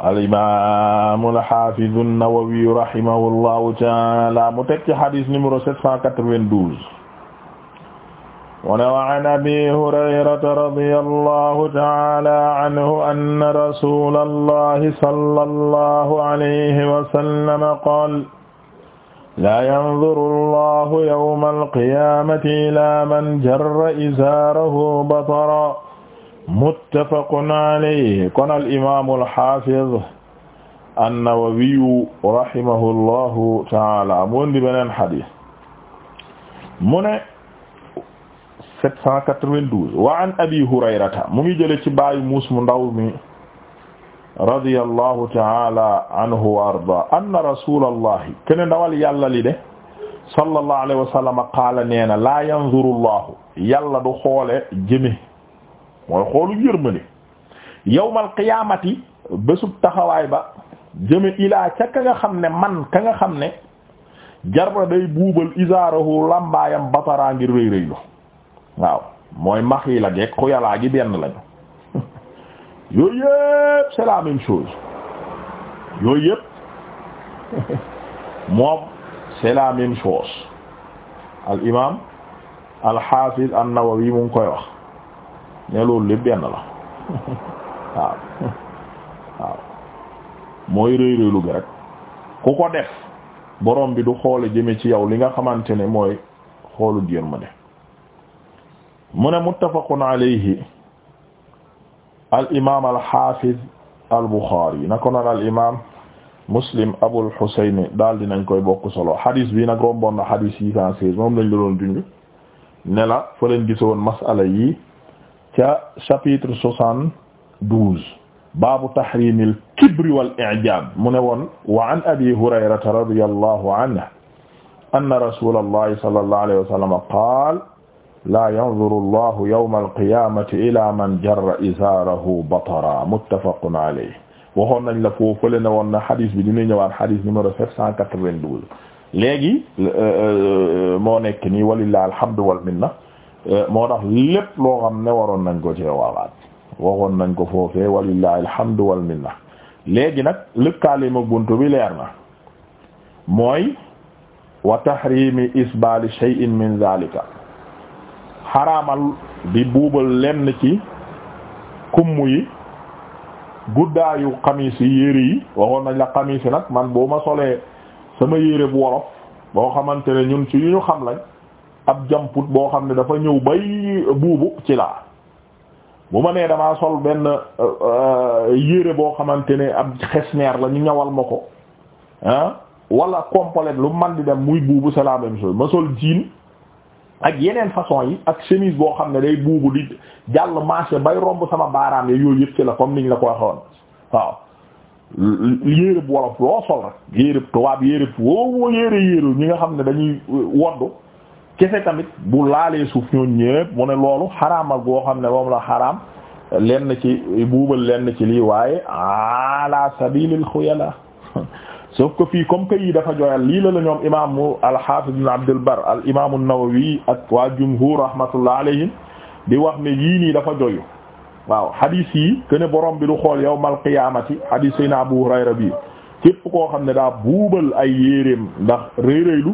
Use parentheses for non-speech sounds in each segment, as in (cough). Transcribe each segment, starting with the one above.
al-imaam al-haafiz an-Nawawi rahimahullahu ta'aala mu teg ci hadis numéro 792 mu ne wa an Abii Hurayrata radiyallahu ta'aala anhu anna rasuulallahi sallallahu alayhi wa sallam qaala laa yanzuru allahu yawma al-qiyaamati ilaa man jarra izaarahu bataran muttafaqun alayhi kon al imaamu al haafiz an-Nawawiyu rahimahullahu taala mu indi beneen hadiis mu ne 792 wa an abi hurayrata mu ngi jële ci baayu muus mu ndaw mi radiyallahu taala anhu wa arda anna rasulallahi kene ndawal yàlla li de sallallahu alayhi wa sallam qaala nee na laa yanzuru llahu yàlla du xoole jëme mooy xoolu yërmande yawmal qiyaamati bésub taxawaay ba jëme ilaa ca ka nga xam ne man ka nga xam ne jarba day buubal isaarahu làmbaayam bataraa ngir rëy rëylu waaw mooy max yi xuyalaa gi benn lañu (laughs) yooyu yëpp c'est la même chose yooyu yëpp (laughs) moom c'est la même chose al imaam al xaafiz an-Nawawi mu koy wax ne loolu lépp benn la (laughs) waaw waaw mooy rëy rëylu rek ku ko def borom bi du xoole jëme ci yow li nga xamante ne mooy xoolu diir ma ne mu ne muttafaqun alayhi al imaam al xaafiz al buxaari na ko noon al imaam muslim abul xusayn daal dinañ koy bokk solo xadis bi nag romboon na xadis six cent seize moom lañ la doon dund ne la fa lañ gisoon masala yi ca chapitre soixante-douze baabu tahrimil kibri wal i'jab mu ne woon wa an abi hurayrata radiyallahu anhu anna rasulallahi sallallahu alayhi wa sallam qaal laa yanzuru allahu yawma alqiyamati ila man jarra izaarahu batara muttafaqun alayhi waxoon nañ la foofale ne woon na xadis bi dina ñëwaat xadis numéro sept cent quatre-vingt-douze léegi euh, euh, moo nekk nii walillahi alhamdu wal minna Eh, moo tax lépp loo xam ne waroon nañ ko ci waxaat waxoon nañ ko foofee walillahi alhamdu wal léegi nag lëkkaalima buntu bi leer na mooy wa tahrimi isbali shay'in min zalika xaraamal bi buubal lenn ci kumm yi guddaayu xamis yi yére yi waxoon nañ la xamis nag man boo ma solee sama yére bu wolof boo xamante ne ñun ci yu ñu xam lañ ab jamput boo xam ne dafa ñëw bay buubu ci laa bu ma nee damaa sol benn euh, euh, yére boo xamante ne ab xesneer la ñu ñawal ma ko ah walla complet lu man di dem muy buubu c'est la ma sol jean ak yeneen façon yi ak chemise boo xam ne day buubu di jàll marché bay romb sama baaraam ya yooyu yëpp ci la comme niñ la ko waxoon waaw yéreb wolof loo sol rek yéreb tubaab yére woo yére yéeru ñi nga xam ne dañuy euh, woddu kese tamit bu laalee suuf ñooñ ñëpp mu ne loolu xaraamal goo xam ne moom la xaraam lenn ci buubal lenn ci lii waaye ala sabilil xuyala (laughs) sauf que fii comme que yii dafa joyal lii la la ñoom imaamu al-Hafiz ibn Abdul al imaamu Nawawi ak waa jumhur rahmatullah alayhim di wax ne yii nii dafa joyu waaw hadith yi que ne borom bi du xool yawmal qiyaamati hadith sayna Abu Hurayra bi képp koo xam ne daa buubal ay yéereem ndax rëy rëylu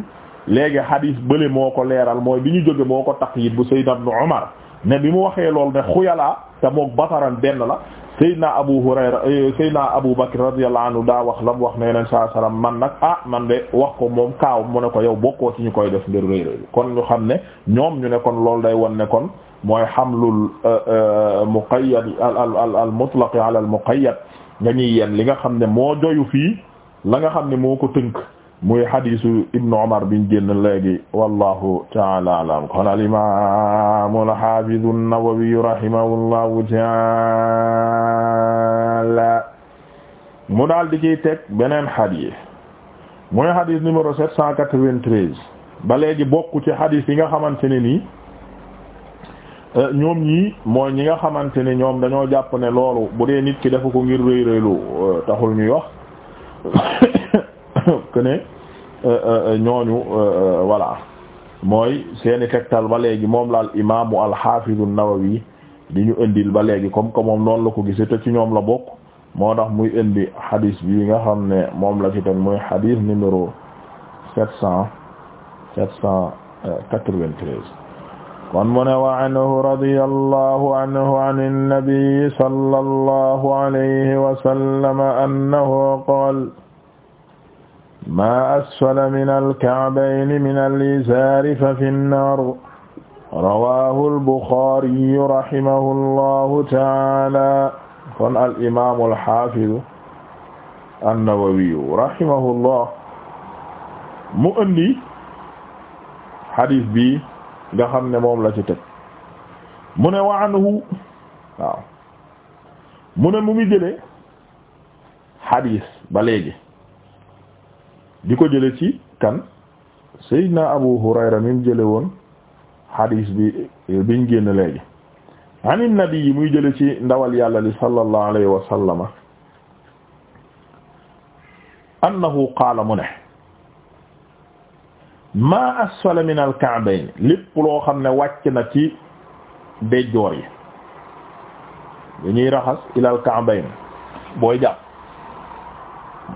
léegi hadis bële moo ko leeral mooy bi ñu jóge moo ko taqyid bu sayyidna ibn Umar ne bi mu waxee lool ne xuyalaa te mook basaran benn la sayyidna Abu Hurayra eh, sayyidna Abu Bakr radiyallahu anhu daa wax la lam wax ne nen saa salaam man nag ah man de wax ko moom kaaw mu ne ko yow bokkoo ci ñu koy def ngir rëy rëy kon ñu xam ne ñoom ñu ne kon loolu day won ne kon mooy xamlul eh, eh, muqayyad al al al al mutlaq ala al muqayyad nga ñuy yem li nga xam ne moo joyu fii la nga xam ne moo ko tënk muy hadisu ibnu Umar biñ génn léegi wallahu taala alam kon alimamu alhafidu an-Nawawi rahimahullahu taala mu dal di ciy teg beneen hadis muy hadis numéro sept cent quatre-vingt-treize ba léegi bokku ci hadis yi nga xamante ne nii euh, ñoom ñii mooy ñi nga xamante ne ñoom dañoo jàpp ne loolu bu dee nit ki defu ko ngir réy réylu euh, taxul ñuy wax (coughs) (coughs) que ne euh, euh, euh, ñooñu voilà mooy seeni tegtal ba léegi moom la al imaamu al-Hafiz an-Nawawi di ñu indil ba léegi comme que moom noonu la ko gisee ci ñoom la bokk moo tax muy indi xadis bi nga xam ne moom la ci teg muy xadis numéro sept kon mu ne wa anhu radiyallahu anhu an an sallallahu alayhi wa annahu qaala maa asfala min alkaabayni min alizaari fa fi nnaar rawaahu albuxaariyu rahimahu allahu taala kon al imaamu alxaafidu annawawiyu rahimahullah mu andi xadis bi nga xam ne moom la ci teg mu ne wa anhu waaw mu ne mu mi jëlee xadis ba léegi di ko jële ci kan Seydina Abu Hurayra mi mu jële woon hadis bi eh, biñ génn léegi an nabi yi muy jële ci ndawal yàlla li sallallahu alayhi wa sallama annahu qaala mu ne maa asfala min al-ka'bayn loo xam ne wàcc na ci déjjoor yi dañuy raxas ilal ka'bayn booy jàpp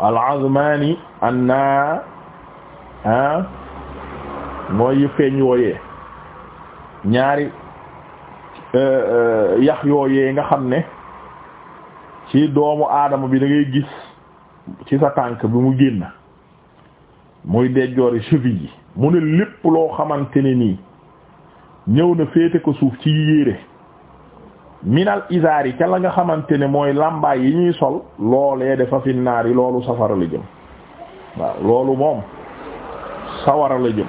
al an naa ah mooy feeñ yooyee ñaari euh, euh, yax yooyee nga xam ne ci doomu aadama bi dangay gis ci sa tànk bi mu génn muy dejjoori cheville yi mu ne lépp loo xamante ne nii ñëw na féete ko suuf ci yére minal izaar yi ca nga xamante ne mooy làmbaay yi ñuy sol loolee dafa fi naar yi loolu safara la jëm loolu moom sawara la jëm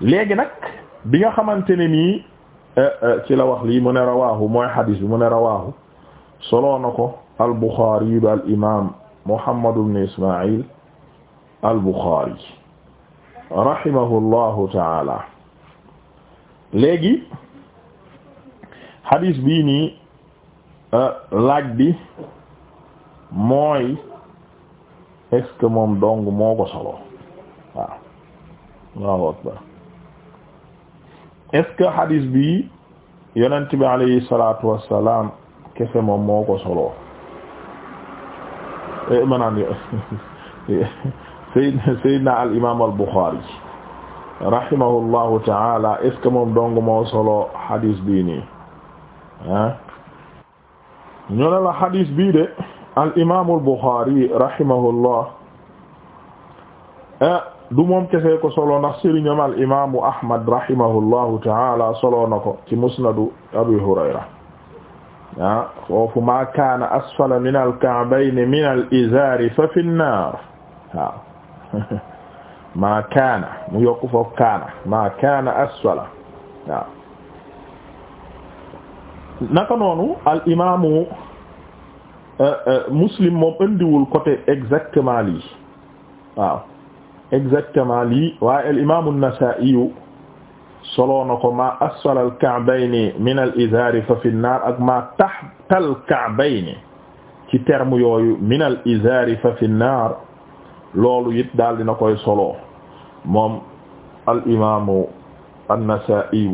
léegi nag bi nga xamante ni nii eh, eh, ci la lii mu ne rawaahu mooy xadiis bi mu ne rawaahu soloo na ko al buxaari yu bi al imaam muhammad ibn ismail al buxaari rahimahu llahu taala léegi xadiis bii nii euh, laaj bi mooy est-ce que moom dong moo ko solo waaw akbar est-ce que bi yonent bi alayhi salaatu wassalaam kese moom moo ko solo maanaam sayyidna sayyidna al imaam al Buxaari ta'ala est-ce que moom dong moo solo xadiis bii nii ah ñu ne la xadis bii de al imaamul Buxaari rahimahullah du moom kese ko solo ndax sëriñam al imaamu Ahmad rahimahullahu taala solo na ko ci musnadu Abi Hurayra ah foofu maa kaana min al ka'bayni min al izaari fa fi nnaar waaw (laughs) maa kaana mu yokk foofu kaana maa kaana naka noonu al imaamu euh, euh, muslim moom indiwul côté exactement lii waaw exactement lii al imaamu an-Nasaa'i soloo na ko ma al ka'bayni min al izaari fa fi naar ak ma tahta al ka'bayni ci terme yooyu min al izaari fa fi naar loolu it daal dina koy soloo moom al imaamu an-Nasaa'i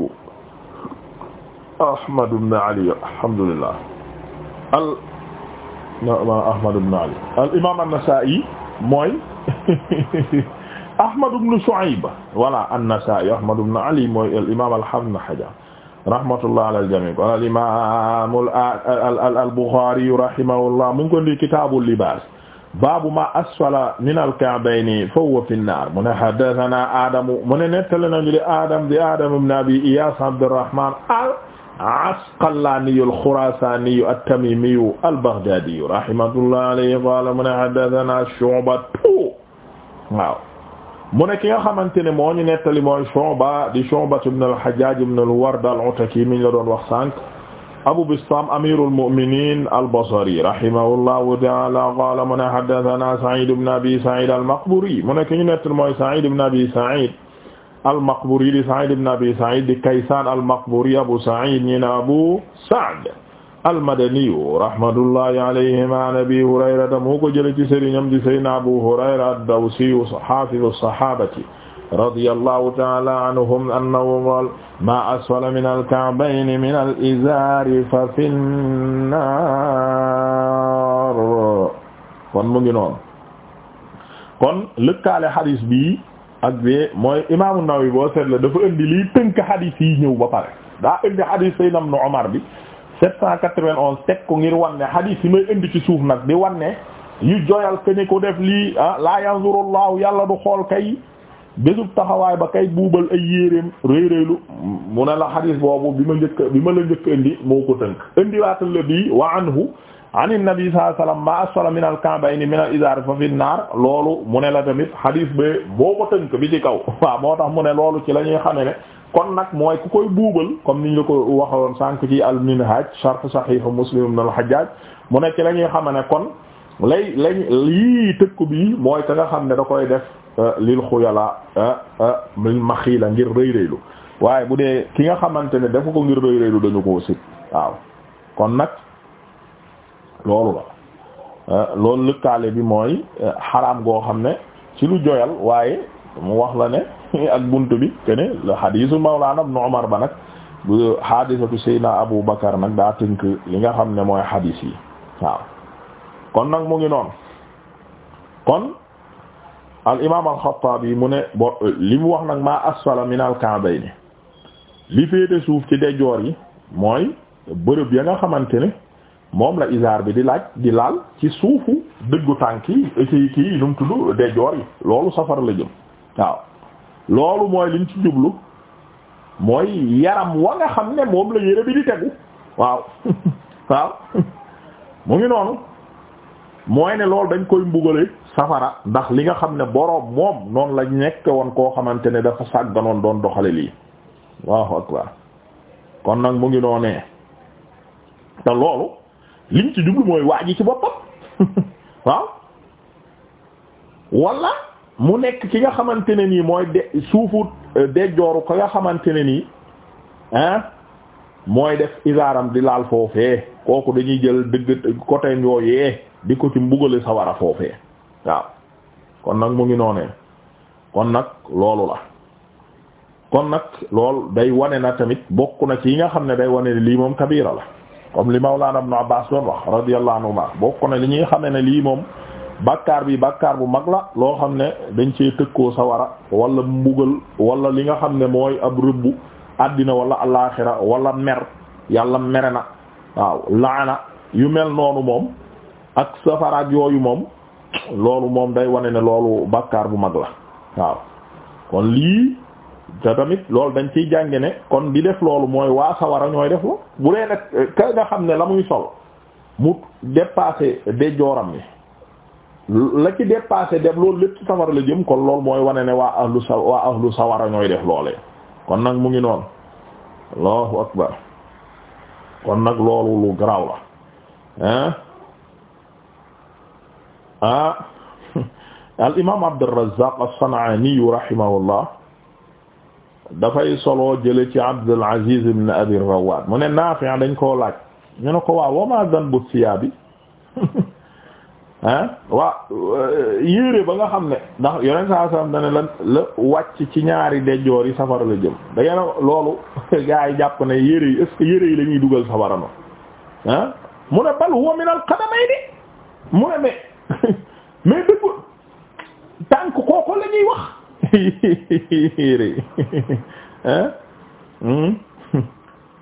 Ahmad ibn Ali alhamdulillah al Ahmad ibn Ali al imaam an-Nasaa'i mooy (laughs) Ahmad ibn Shu'ayb voilà an-Nasaa'i Ahmad ibn Ali mooy al imaam al-Haafiz ibn Hajar rahmatullah ala al-jamii' qaala al-imaam al-Bukhaari rahimahullah mu ngi ko ndi kitaabul libaas baabu maa asfala min al-ka'bayni fa huwa fi an-naar mu ne haddathanaa Aadamu mu ne nettali nañu di Aadam di Aadam ibn Abi Iyaas Abdurrahmaan asqalaaniyu alxurasaaniyu attamimiyu albaghdaadiyu rahimahullah alayhi qaala mu ne haddathana Shu'batu waaw mu ne ki nga xamante ne moo ñu nettali mooy Shu'ba di Shu'ba ibn al-Hajjaj ibn al-Ward al-Ataki mi ñu la doon wax sànq Abu Bistam amirul mu'minin al-Basri rahimahullahu ta'ala qaala mu ne haddathana Sa'id ibn Abi Sa'id al-Maqburi mu ne ki ñu nettali mooy Sa'id ibn Abi Sa'id al-Maqburi di Sa'id ibn Abi Sa'id di Kaysan al-Maqburi Abu Sa'id ñi na Abu Sa'd al-Madaniyu rahmatullahi alayhima an Abi Hurayrata mu ko jële ci sëriñam di Sayyidina Abu Hurayra ad-Dawsiyu hafizu sahabati radiyallahu ta'ala anhum annahu qaala ma asfala min al-ka'bayni min al-izari fa fi an-nar kon mu ngi noonu kon lëkkaale hadis bi ak bi mooy imaamu Nawawi boo seetla dafa indi lii tënk hadis yi ñëw ba pare daa indi hadis Seydina Ibn Umar bi 791 teg ko ngir wan ne hadis yi may indi ci suuf nag bi wanne ne yu joyal ka ni ku def lii ah laa yanzurullahu yàlla du xool kay bésub taxawaay ba kay buubal ay yéeréem rëy rëylu mu ne la hadis boobu bi ma njëkk bi ma la njëkk indi moo ko tënk indiwaatal la bii wa anhu an nabi sallallahu alayhi wasallam ma asfala min al-ka'bayni min al-izar fa fi naar loolu mu ne la tamit hadith ba boo ko tënk bi ci kaw (laughs) waaw moo tax mu ne loolu ci la ñuy xame ne kon nag mooy ku koy buubal comme niñ la ko waxoon sànq ci al-minhaj sharh sahih muslim ibn al-hajjaj mu ne ci la ñuy xame ne kon lay lañ lii tëkku bi mooy ka nga xam ne da koy def euh, lil xuyala euh, euh, lil maxiila ngir rëy rëylu waaye bu dee ki nga xamante ne dafa ko ngir rëy rëylu dañu koo sit waaw loolu la euh, loolu lëkkaale bi mooy euh, xaraam goo xam ne ci lu joyal waaye mu wax la ne (laughs) ak bunt bi que ne le hadisu mawlana ibn Umar ba nag bu hadisatu Seydina Abu Bakar nag daa tënk li nga xam ne mooy hadis yi waaw kon nag mu ngi noonu kon al imaam al Xattaabi mu ne bo euh, li mu wax nag maa asfala min al ka'bayni li féete suuf ci dejoor yi mooy bërëb ya nga xamante ne moom la isaar bi di laaj di laal ci suufu dëggu tànk yi ci kii nu mu tudd de joor yi loolu safara la jëm waaw loolu mooy liñ ci jublu mooy yaram wa nga xam ne moom la yére bi di tegu waaw (laughs) waaw mu ngi noonu mooy ne loolu dañ koy mbugale safara ndax li nga xam ne boroom moom noonu la nekk woon koo xamante ne dafa sàgganoon doon doxale lii waaw akbar kon nag mu ngi noonee te loolu liñ ci jublu mooy waa ji ci boppam (laughs) waaw wala mu nekk ki nga xamante ne nii mooy de suufu euh, dejjooru ko nga xamante ne nii ah mooy def isaaram di laal foofee kooku dañuy jël dëgg côté yooyee di ko ci mbugale sa war a foofee waaw kon nag mu ngi noonee kon nag loolu la kon nag lool day wane na tamit bokk na ci yi nga xam ne day wane ne lii moom kabira la comme li laa Mawlana Ibn Abbas doon wax radiyallahu anhuma bokk na li ñuy xamee ne lii moom bàkkaar bi bàkkaar bu mag la loo xam ne dañ cee tëkkoo sa wara wala mbugal walla li nga xam ne mooy ab rëbbu àddina wala alaaxira walla mer yàlla mere na waaw laana yu mel noonu moom ak safaraat yooyu moom loolu moom day wane ne loolu bàkkaar bu mag la waaw kon lii te tamit loolu dañ ciy jànge ne kon di def loolu mooy waa sawara ñooy def lo bu dee nag eh, ka nga xam ne la muy sol mu dépassé de jooram la ci dépassé dem loolu lépp ci sawara la jëm kon loolu mooy wane ne waa ahlu sa waa sawara ñooy def loole kon nag mu ngi noonu allahu akbar kon nag loolu lu garaaw la ah ah (laughs) al imam Abdurrazzaq as-San'ani rahimahullah dafay solo jële ci Abdul Aziz ibn Abi Rawad mu ne Naafi dañ koo laaj ñu ne ko waaw wa ma danbu siyaabi ah (laughs) waa euh, yére ba nga xam ne ndax yoneen saa sallam dane la la wàcc ci ñaari dejoor yi safara la jëm da ngeen loolu (laughs) gaa yi jàpp ne yére yi est yére yi lañuy dugal safara no mu ne bal huwa min al mu ne mais (laughs) mais dëgg tànk kooku la wax yére yi eh? hmm?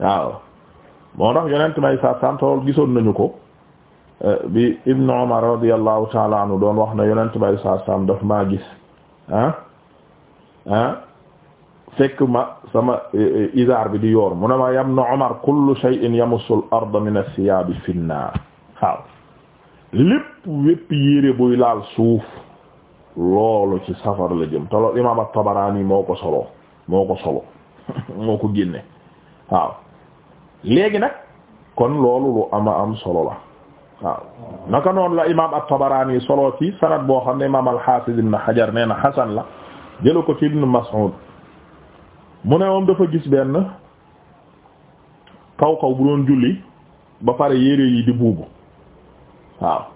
waaw moo tax yonent may sa santool gisoon nañu ko eh, bi ibnu umar radiallahu taala anhu doon wax na yonent bay saa daf maa gis ah ah fekk ma sama izar bi di yoor mu ne ma yam na umar kullu shay'in yamussul min as-siyabi fi an-nar waaw lépp wépp buy laal suuf loolu ci safara la jëm te loolu imaam at-Tabarani moo ko solo moo ko solo (laughs) moo ko génne waaw nag kon loolu lu ama am solo la waaw naka noonu la imaam at-Tabarani solo ci sanad boo xam ne imaam al-Hafiz ibn Hajar nee na hasan la jëla ko ci Ibn Mas'ud mu ne moom dafa gis benn kaw kaw bu doon julli ba pare yére yi di buubu waaw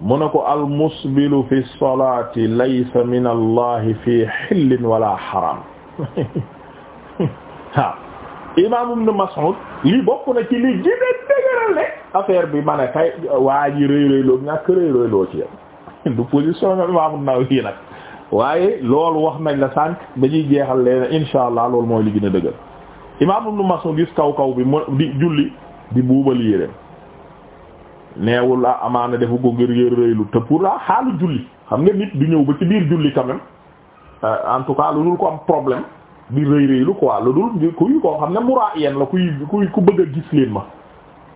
mu ko al musbilu fi salaati laysa min allahi fi xillin wala xaram waaw (laughs) imam ibn Mas'ud li bokk na ci li gën a dëgëral ne bi ma ne kay waa ji rëy rëy loo ñàkk rëy rëy (laughs) du position imam an-Nawawi nag waaye loolu wax nañ la sànq ba ñuy jeexal leen insha allah loolu mooy li gën a imam ibn Mas'ud gis kaw bi julli di buubal yéreem neewul ah amaane defu ko ngir yër rëylu te pour la xaalu julli xam nga nit du ñëw ba ci biir julli quand euh, en tout cas lu dul ko problème di rëy rëylu quoi lu koo xam ne muraa yeen la kuy kuy ku bëgg a gis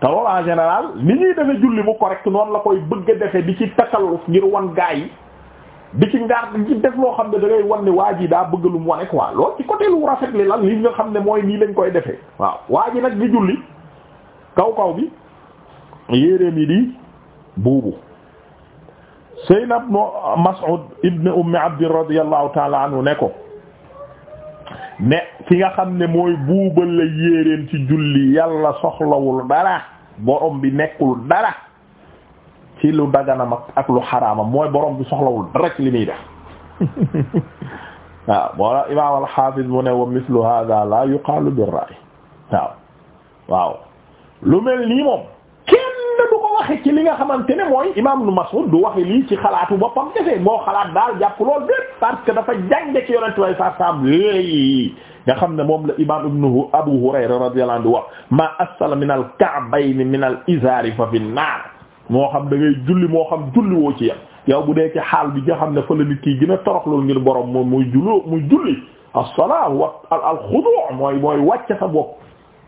en général ni ñuy defe julli bu correct noonu la koy bëgg a di ci takalluf ngir wan gaa yi di ci ngaar di ci def loo xam ne da ngay ne waa ji daa bëgg lu mu wane quoi loolu ci côté lu nga xam ne mooy nii lañ koy defee waaw waa nag di julli kaw kaw bi yéeréem yi di buubu Seynab no Mas'ud ibn Ummi Abd radiyallahu ta'ala anhu ne ko ne ki nga xam ne mooy buubal la yéeréem ci julli yàlla soxlawul dara borom bi nekkul dara ci lu daganam ak lu xaraamam mooy borom bi soxlawul dara ci li muy def (laughs) waaw moo la imaam al-Hafiz mu ne wa mithlu hadha la yuqaalu bir-ra'y waaw waaw lu mel nii moom waxe ci li nga xamante ne mooy imam nu Mas'ud du waxe lii ci xalaatu boppam defee moo xalaat daal jàpp lool dépp parce que dafa jànge ci yonente way sa sam léegi nga xam ne moom la imam ibnu Abu Hurayra radiyallahu anhu wax ma asfala min al ka'bayn min al izari fa fi naar moo xam da ngay julli moo xam julli woo ci yam yow bu dee ci xaal bi nga xam ne fa la nit kii gën torox loolu ngir borom moom muy juloo muy julli as-salaa wa al xudu' mooy mooy sa bopp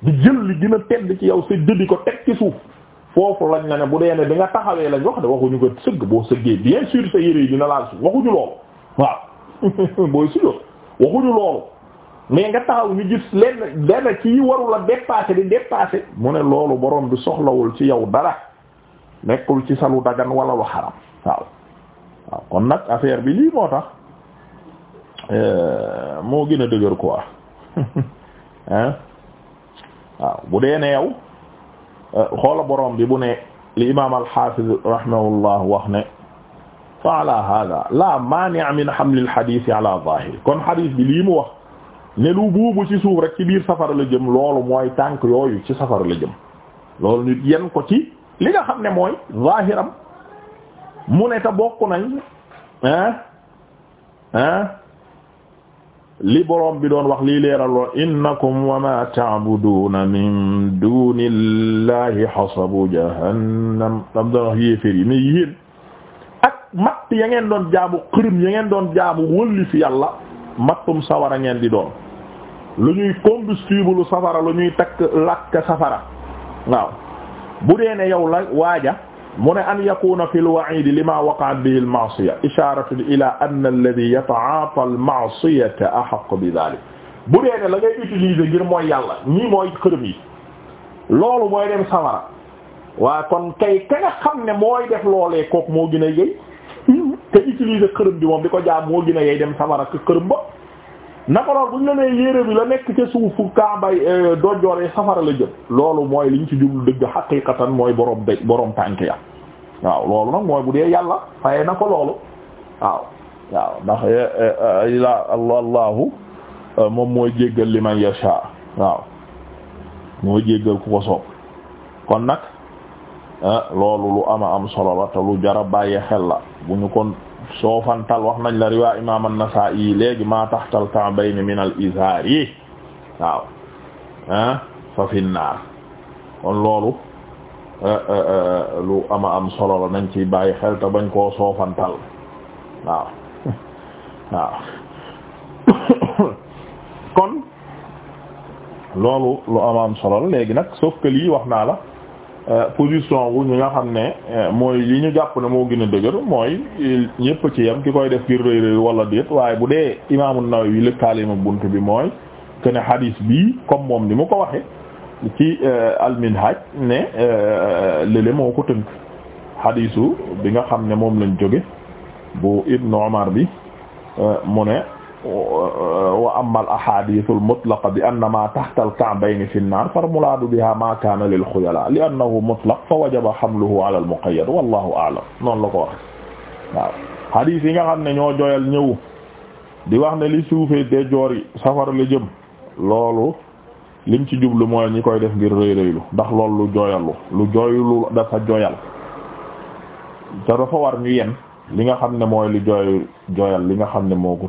di jël li gën a tedd ci yow sa dëdi ko foofu lañ la ne bu dee ne bi nga taxawee lañ wax de waxuñu ko sëgg boo sëggee bien sûr sa yére yi dina laal su waxuñu loolu waaw (laughs) booy sujjóot waxuñu loolu mais nga taxaw ñu gis lenn lenn ci warula dépasser di dépasser mu ne loolu borom bi soxlawul ci yow dara nekkul ci salu dagan wala lu xaram waaw waaw kon nag affaire bi lii moo tax euh, moo gën a dëgër quoi (laughs) hein waaw bu dee ne yow xoola borom bi bu ne li imam alhafiz rahimahullah wax ne fa la mania min hamlil hadith ala zahiri kon hadith bi lii mu wax ne lu buubu ci suuf rek ci biir safara la jëm loolu mooy tànk yooyu ci safar la jëm loolu nit yen ko ci li nga xam ne mooy zahiram mu ne te bokk nañ li boroom bi doon wax lii leeraloo innakum wa ma ta'buduna min dunillahi hasabu jahannam dam doon wax yéefér yi mais yéen ak matt ya ngeen doon jaamu xërëm ya ngeen doon jaamu wëlli fi yàlla mattum a ngeen di doon lu ñuy combustible safara lu ñuy takk làkk safara waaw bu dee ne yow la waaja mu ne an yakuna fi lwaidi lima waqaat bihi almaasiya isharatun ila anna alladi yataata almaasiyata ahaqu bi dalik bu dee ne la ngay utiliser ngir mooy yàlla ñii mooy xërëm yi loolu mooy dem sawara waa kon kay ka nga xam ne mooy def loolee kooku moo gën a yey te utiliser xërëm bi moom di ko jaam moo gën a yey dem sawara ke xërëm ba naka loolu bu ñu la nee yére bi la nekk ca suufu kaambay euh, dojjooree safara la jëm loolu mooy liñ ci jublu dëgg xaqiiqatan mooy borom de borom tànk ya waaw loolu nag mooy bu dee yàlla faye na ko loolu waaw waaw ndax eh, eh, eh, ila allahu euh, moom mooy jéggal li man yasha waaw mooy jéggal ku ko soob kon nag loolu lu ama am solo la te lu jara bàyyi xel la bu ñu kon soofantal wax nañ la riwaa imam an-Nasa'i léegi ma tahtal ka'bayni min al-izar yi waaw ah fa fi naar kon loolu eh, eh, eh, lu ama am solo la nañ ci bàyyi xel te bañ koo soofantal waaw kon loolu lu ama am solo la léegi nag sauf que wax naa la Euh, position wu ñi nga xam ne euh, mooy li ñu jàpp na moo gën a dëgër mooy ñépp ci yam ki koy def ngir rëy rëy wala déet waaye bu dee imaamu Nawawi lëkkaale ma bunt bi mooy que ne hadis bii comme moom ni mu ko waxe ci euh, al-Minhaj ne lële moo ko tënk hadisu bi nga xam ne moom lañ jóge bu Ibnu Umar bi mu ne wa amma al ahadith al mutlaqa bi anna ma tahta al ka'bayn fi an-nar fal muradu biha ma kana lil khuyala li annahu mutlaq fa wajaba hamluhu ala a'lam noonu la ko wax waaw hadith yi nga xam ne ñoo joyal ñëw di wax ne li suufee de joor yi safara la jëm loolu lim ci jublu mooy ñi koy def ngir rëy rëylu ndax loolu lu jooyalu lu jooylu dafa jooyal te dafa war ñu li nga xam ne mooy lu jooy jooyal li nga xam ne moo ko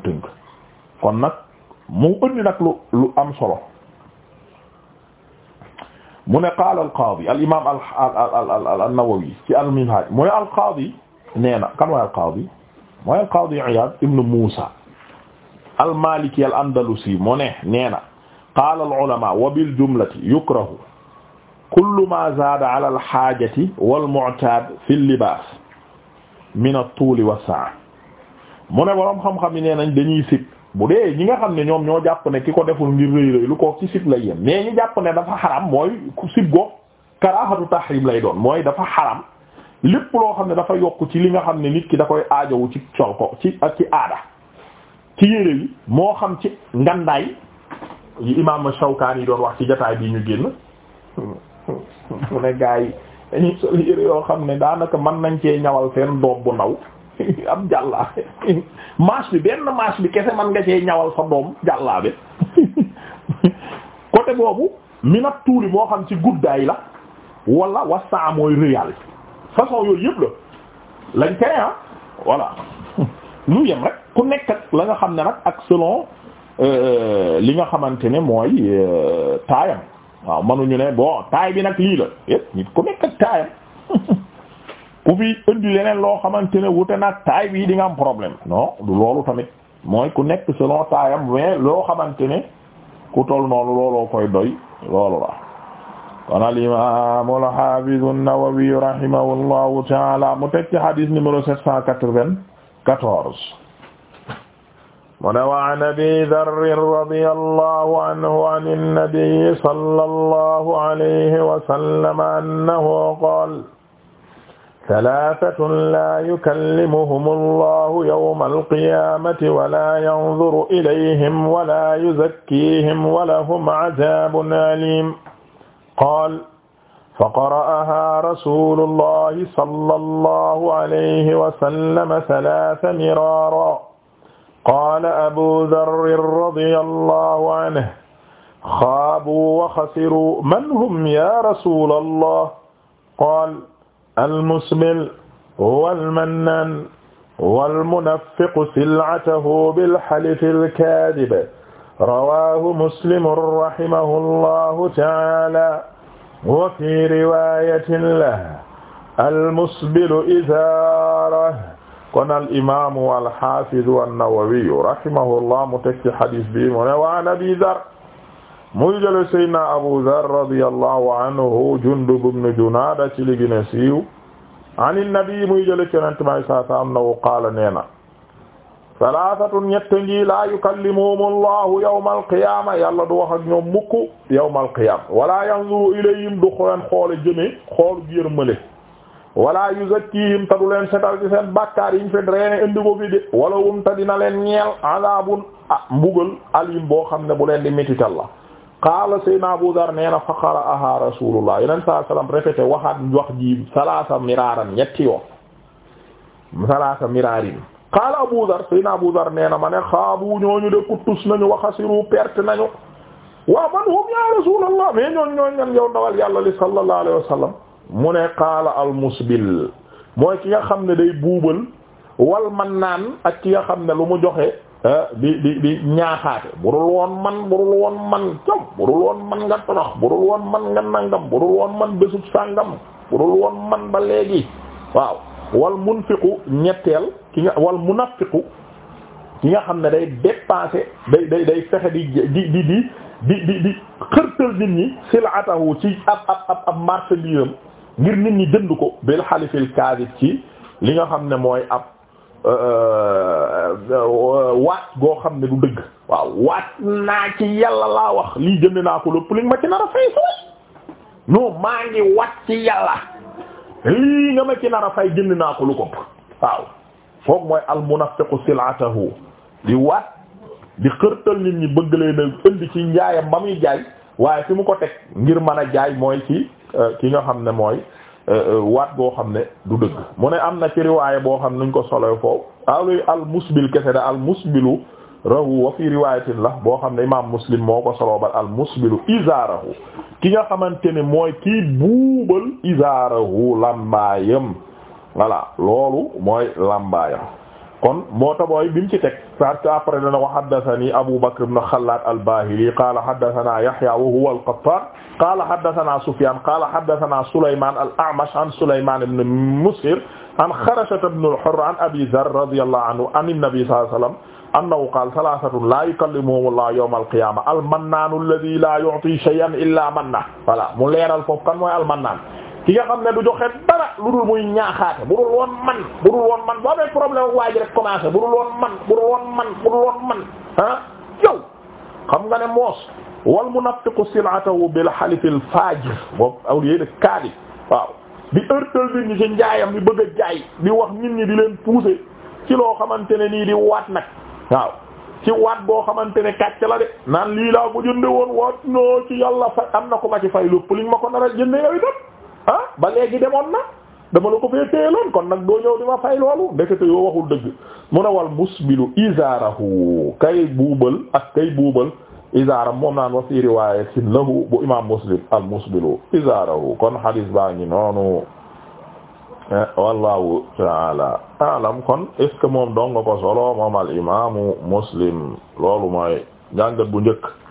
kon nag mu ëndi nag lu lu am solo mu ne qaala alqaadi al imaam al al al al nawawi ci al minhaj mooy alqaadi nee na kan mooy alqaadi mooy alqaadi Iyaad ibn Muusa al maliki al andalusi mu ne nee na qaala al ulamaa wa bil jumlati yukrahu kullu maa zaada ala al haajati wal mu'taad fi al libaas min at tuuli wa saa mu ne boroom xam-xam yi nee nañ dañuy sib bu dee ñi nga xam ne ñoom ñoo jàpp ne ki ko deful ngir rëy rëy lu ko ci sib lay yem mais ñi jàpp ne dafa xaram mooy sib go karaahatu tahrim lay doon mooy dafa xaram lépp loo xam ne dafa yokk ci li nga xam ne nit ki da koy aajowu ci sol ci ak ci aada ci moo xam ci ngandaay yi imaam yi doon wax ci jataay bii ñu génn mu ne gaa yi dañuy yoo xam ne daanaka mën nañ cee ñawal seen doom bu ndaw am (laughs) jàllaabe manche bi benn manche bi kese man nga cee ñawal sa doom jàllaabe (laughs) côté boobu minat tuuli boo xam ci guddaay la wala wasaa mooy réal façon yooyu yëpp la lañ tere ah voilà (laughs) lu yem rek ku nekk ak la nga xam ne nag ak selon euh, li nga xamante ne mooy euh, taayam waaw manuñu ne bon taay bi nag lii la yëpp nit ku nekk ak taayam ku fi indi leneen loo xamante ne wute nag taay bii di nga am problème non du loolu tamit mooy ku nekk selon taayam mais loo xamante ne ku tol noonu looloo koy doy loolu la kon al imam al hafiz an taala mu teg ci hadith numéro sept cent quatre-vingt-quatorze mu ne an abi darrin radiyallahu anhu an an-nabi sallallahu alayhi wa sallam annahu qaala talaatatun laa yukallimuhum allahu yawma alqiyaamati wala yanzuru ilayhim wala yuzakkiihim walahum cadaabun aliim qaala faqara'ahaa rasuulullahi sallallahu alayhi wa sallam talaata miraaran qaala abuu darrin radiyallahu anhu xaabuu wa xasiruu man hum yaa rasuulallah qaala almusbil walmannaan walmunafiqu silatahu bilxalifi alkaadib rawahu muslimun rahimahu allahu taala wa fi riwayatin lah almusbilu izaarah kon alimamu alxafidu annawawiyu rahimahu llah mu teg ci xadis bi mu ne wa an abi dar muy jële saydna Abu Dharr radiyallahu anhu Jundub ibn Junaada ci li gën a siiw an nabi muy jële conent may saa sa am na wu qaala nee na salaasatun ñett ngi laa yukallimuhum allahu yawma alqiyama yàlla du wax ak ñoom mukk yawma alqiyama wala yanzuru ilayhim du xoleen xoole jëme xool giyër mële wala yuzakkihim ta du leen setal ci seen bàkkaar yiñ fi reene indi ko fi de wala wum ta dina leen ñeel adabun ah mbugal alim boo xam ne bu leen di metital la qaala sayna Abu Dar nee na fa qara'aha rasulullah yeneen saa salaam répété waxaat wax ji salaasa miraaran ñetti yoon salaasa miraarin qaala Abu Dar sayna Abu Dar nee na xaabu ñooñu de kuttus nañu wa xasiru nañu waaw man hum ya rasulullah mais ñooñ ñooñ ñan yow dawal yàlla li sallallahu alayhi mu ne qaala al mooy ki nga xam ne day buubal wal man naan ak ki nga xam ne lu mu joxe bi di di ñaaxaate budul woon man budul woon man jom budul woon man nga torox budul woon man nga nangam budul woon man bésub sàngam budul woon man ba léegi waaw wal munfiqu ñetteel ki nga wal munafiqu ki nga xam ne day dépasser day day day fexe di di di di di xërtal nit ñi silatahu ci ab ab ab ab marchandise ngir nit ñi jënd ko bil xalifi kaasib ci li nga xam ne mooy ab waat goo xam ne du dëgg waaw waat naa ci yàlla laa wax lii jënd naa ko lépp li nga ma ci nar fay sooy non maa ngi waat ci yàlla lii nga ma ci nar fay jënd naa ko lu ko waaw foog mooy almunafiqu silatahu di waat di xërtal nit ñi bëgg leen indi ci njaayam ba muy jaay waaye fi mu ko teg ngir mën a jaay mooy ci euh, ki nga xam ne mooy waat boo xam ne du dëgg mu ne am na ci riwaaya boo xam ne nuñ ko solo foofu aluy al kese da al musbilu rahu wa fi riwaayatin la boo xam ne imaam muslim moo ko solo ba al musbilu izaarahu ki nga xamante ne mooy kii buubal izaarahu lambaayam voilà loolu mooy lambaayam kon moo ta booy bi mu ci teg parce que après dana wa haddathani Abu Bakr ibn Khallat al-Bahili qala haddathana Yahya wa huwa al-Qattan qala haddathana Sufyan qala haddathana Sulayman al-A'mash an Sulayman ibn Musir an Kharasha ibn al-Hurr an Abi Dharr radiyallahu anhu an an-nabi sallallahu alayhi wasallam annahu qala thalathatun la yukallimuhum Allah yawm al-qiyamah al-mannan alladhi la yu'ti shay'an illa manna voilà mu leeral foofu kan mooy al-mannan ki nga xam ne du joxe dara lu dul muy ñaaxaate bu dul woon man bu dul woon man boo amee problème waa ji rek commencé bu dul woon man bu dul woon man bu dul woon man ah yow xam nga ne moos wal munafiqu sil'atahu bil halifil fajir boobu awliya de kaadi waaw di heurtal nit ñi ci njaayam di bëgg a jaay di wax nit ñi di leen pousser ci loo xamante ne nii di waat nag waaw ci waat boo xamante ne kàcc la de naan lii laa ko jënde woon waat noo ci yàlla fay am na ko ma ci fay lépp liñ a ah ba léegi demoon na dama la ko fee kon nag doo ñëw ma fay loolu ndekete yoo waxul dëgg mu ne musbilu izaarahu kay buubal ak kay buubal izaaram moom naan wa fi riwaayatin lahu bu imaam muslim al musbilu izaarahu kon hadis baa ngi noonu eh, wallahu taala alam kon est ce que moom dong ko solo moom al imaamu muslim loolu mooy jàngat bu njëkk